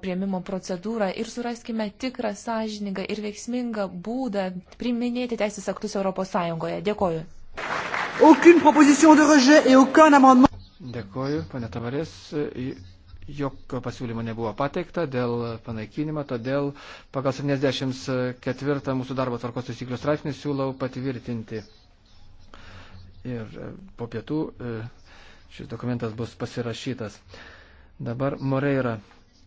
prieimimo procedūrą ir suraskime tikrą, sąžiningą ir veiksmingą būdą priminėti teisės aktus ES. Dėkoju. Dėkoju, pane Tavarės. Jokio pasiūlymo nebuvo pateikta dėl panaikinimo, todėl pagal 74 mūsų darbo tvarkos taisyklių straipsnį siūlau patvirtinti. Ir e, po pietų e, šis dokumentas bus pasirašytas. Dabar Moreira